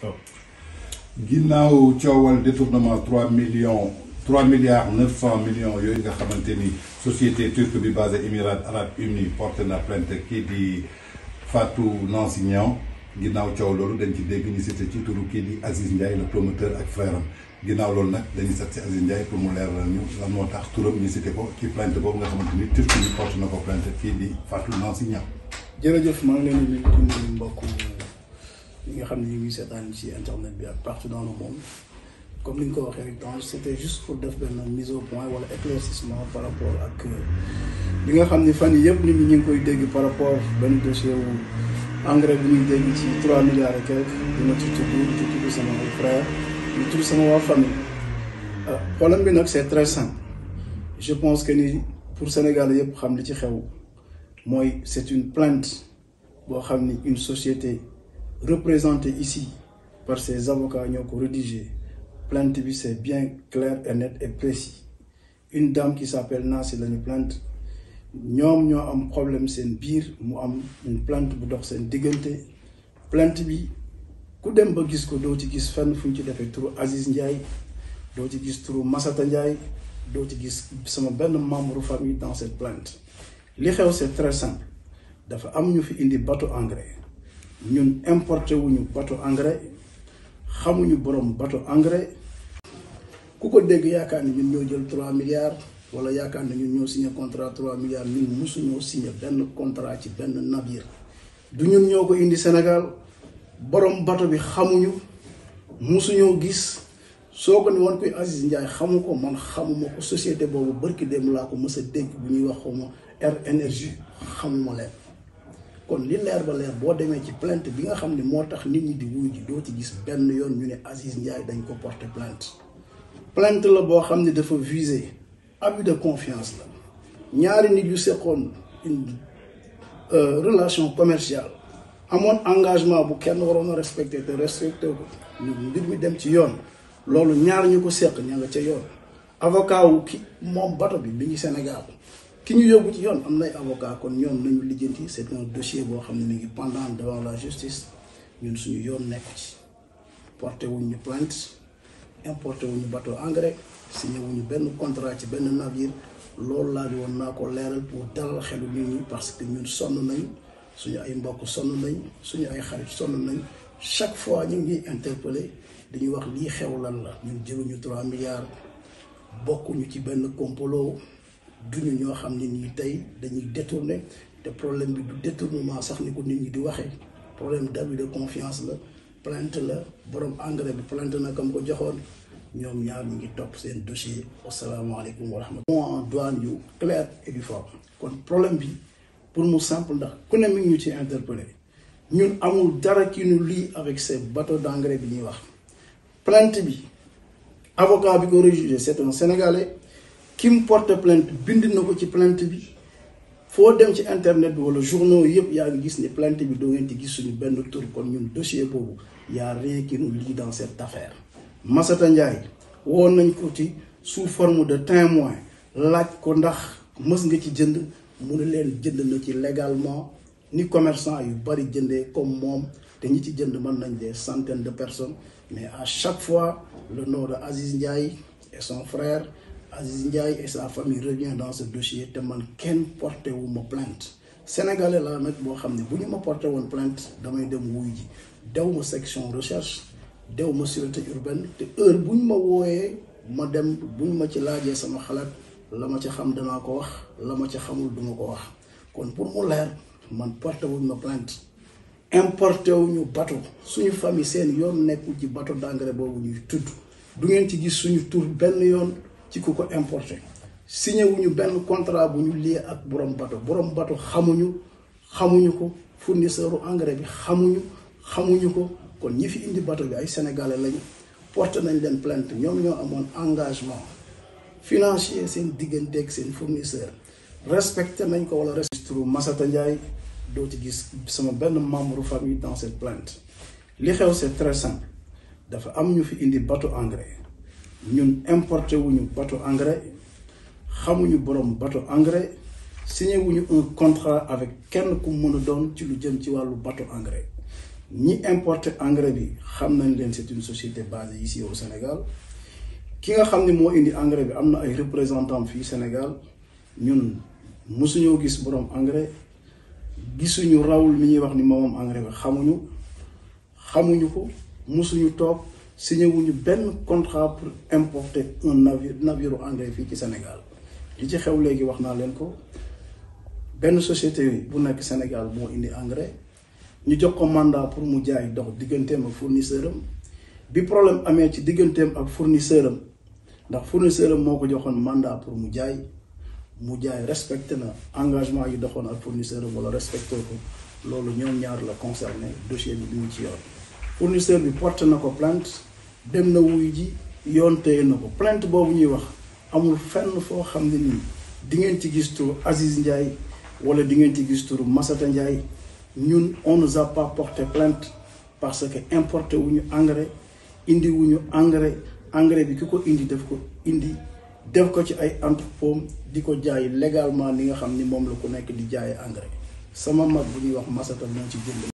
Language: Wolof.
Oh. ginnaw ciowal détournement 3 millions 3 milliards 900 millions yoy nga xamanteni société turque bi basée Émirats arabes unis porte na plainte qui di Fatou Nansignan ginnaw coow lolu dañ ci dégg ñu cité ci turu di Aziz Ndiaye le promoteur ak frère ginnaw lolu nak dañu sat ci Aziz Ndiaye pour mu leeral ñu la moo tax turam c'était ko ci plainte bobu nga xamanteni ni turque bi porte na ko plainte qui di Fatou Nansignan. jërëjëf ma ngi leen di nuyu mbokku nga xam ne internet partout dans le monde comme ni c'était juste pour def mise au point wala éclaircissement par rapport à euh, li nga xam fan yi koy par rapport benn dossier wu engrais bi milliards et quelques dina ci tudd ci sama frère ñu familles sama euh, problème bi très simple je pense que ni pour Sénégal c'est une plainte pour une société représenté ici par ces avocats qui ont rédigé plainte c'est bien clair et net et précis une dame qui s'appelle Nancy la plante. Plante, problème biir mu am une plante bu dox bi Aziz Ndiaye Ndiaye famille dans cette plante. li c'est très simple dafa am ñu fi bateau ñun importé wuñu bateau engrais xamuñu borom bateau engrais ku ko dégg yaakaar ni ñun ñoo jël trois milliards wala yaakaar ni ñun ñoo signé contrat trois milliards ñun mosuñoo signé benn contrat ci benn navire du ñun ñoo ko indi Sénégal borom bateau bi xamuñu mosuñoo gis soo ko ni woon koy Aziz Ndiaye xamu ko man xamuma ko société boobu bërki démb laa ko mës dégg bu ñuy wax xaw ma R énergie xamuma leen kon li leer ba ci plainte bi nga Aziz Ndiaye dañ ko porter plainte plainte la viser abus de confiance la ñaari nit une euh, relation commerciale amoon engagement bu kenn a respecté te respecté ko ñu mbir mi dem ci ko ña nga avocat wu ki bato bi Sénégal ki ñu yóbbu ci yoon am nay avocat kon ñoom nañu lijjanti c'est un dossier boo xam ne pendant devant la justice ñun suñu yoon nekk ci porté wuñu plainte importé wuñu bateau engrais signé wuñu benn contrat ci benn navire loolu laa di woon naa ko leeral pour dalal xelu nit ñi parce que ñun sonn nañ suñu ay mbokk sonn nañ suñu ay xarit sonn chaque fois ñu ngi interpellé dañuy wax lii xew lan la ñun jëluñu 3 milliards bokkuñu ci benn compolo duñu ñoo xam ne nii tey dañuy détourner te problème bi du détournement sax ni ko nit ñi di waxee problème d'abus de confiance la plainte la borom engrais bi plainte na kam ko joxoon ñoom ñaar ñu ngi topp seen dossier asalaamaaleykum wa rahmatulah. en douane yu clair et uniforme kon problème bi pour mu simple ndax ku ne mi ngi ñu ci interpellé ñun amul dara ki ñu lii avec ces bateaux d'engrais bi ñuy wax plainte bi avocat bi ko réjugé c'est un sénégalais. Qui me porte plainte bind nous qui ci plainte bi faut dem ci internet bi wala journaux yep yaa ngi gis plainte bi doo ngeen ci gis suñu Il y kon ñun dossier boobu rien qui nous lie dans cette affaire Massata Ndiaye woon nañ ko ci sous forme de témoin La ko ndax mës nga ci jënd mu ne leen jënd na ci légalement ni commerçant yu bari jëndee comme nous, te ñi ci jënd man nañ des centaines de personnes mais à chaque fois le nom de Aziz Ndiaye et son frère Aziz Ndiaye et sa famille revient dans ce dossier te man porte une ma plainte sénégalais la nag boo xam ne bu porté plainte damay dem wuy ji ma section recherche dew ma sûreté urbaine te heure bu ñu ma wooyee ma dem bu ñu ma ci sama la ma ci xam dama ko wax la ma ci xamul duma ko wax kon pour mu leer man porté wuñ ma plainte importé wuñu bato suñu famille sen yoon nekkul ci bato d'engrais bobu ñuy tudd du ngeen ci gis suñu tour ben yoon ci ku ko importé signé wuñu ben contrat buñu lié ak borom bato borom bato xamuñu xamuñu ko fournisseur u engrais bi xamuñu xamuñu ko kon ñi fi indi bato bi ay sénégalais lañ porte nañ leen plainte ñom ñoo amone engagement financier seen digganteeg seen fournisseur respecté nañ ko wala registre massa Ndiaye do ci gis sama ben membre famille dans cette plainte li xew c'est très simple dafa am ñu fi indi bato engrais ñun importé wuñu bateau engrais xamuñu borom bateau engrais signé wuñu un contrat avec kenn ku mën a doon ci lu jëm ci wàllu bateau engrais ñi importé engrais bi xam nañ leen c'est une société basée ici au Sénégal ki nga xam ne moo indi engrais bi am na ay représentants fii Sénégal ñun mosuñoo gis borom engrais gisuñu rawul mi ñuy wax ni moom engrais bi xamuñu xamuñu ko mosuñu toog signé wuñu benn contrat pour importer un navire navire anglais fii ci Sénégal li ci xew léegi wax naa leen ko benn société bu nekk Sénégal bon, indi engrais ñu jox ko mandat pour mu jaay dox digganteem ak fournisseur am bi problème amee ci digganteem ak fournisseur am ndax fournisseur am moo ko mandat pour mu jaay mu jaay respecté na engagement yi doxoon ak fournisseur am wala respecté ko loolu ñoom ñaar la concerné dossier bi bi mu fournisseur bi porte na ko plainte dem na wuy ji yoon téye na ko plainte boobu ñuy wax amul fenn foo xam ne nii di ngeen ci gis turu Aziz Ndiaye wala di ngeen ci gis turu Massata Ndiaye ñun on nous a pas porté plainte parce que importé wu ñu engrais indi wu ñu engrais engrais bi ki ko indi daf ko indi def ko ci ay entrepôt di ko jaay légalement li nga xam ni moom la ku nekk di jaay engrais sama mag bu ñuy wax Massata moo ci jënd.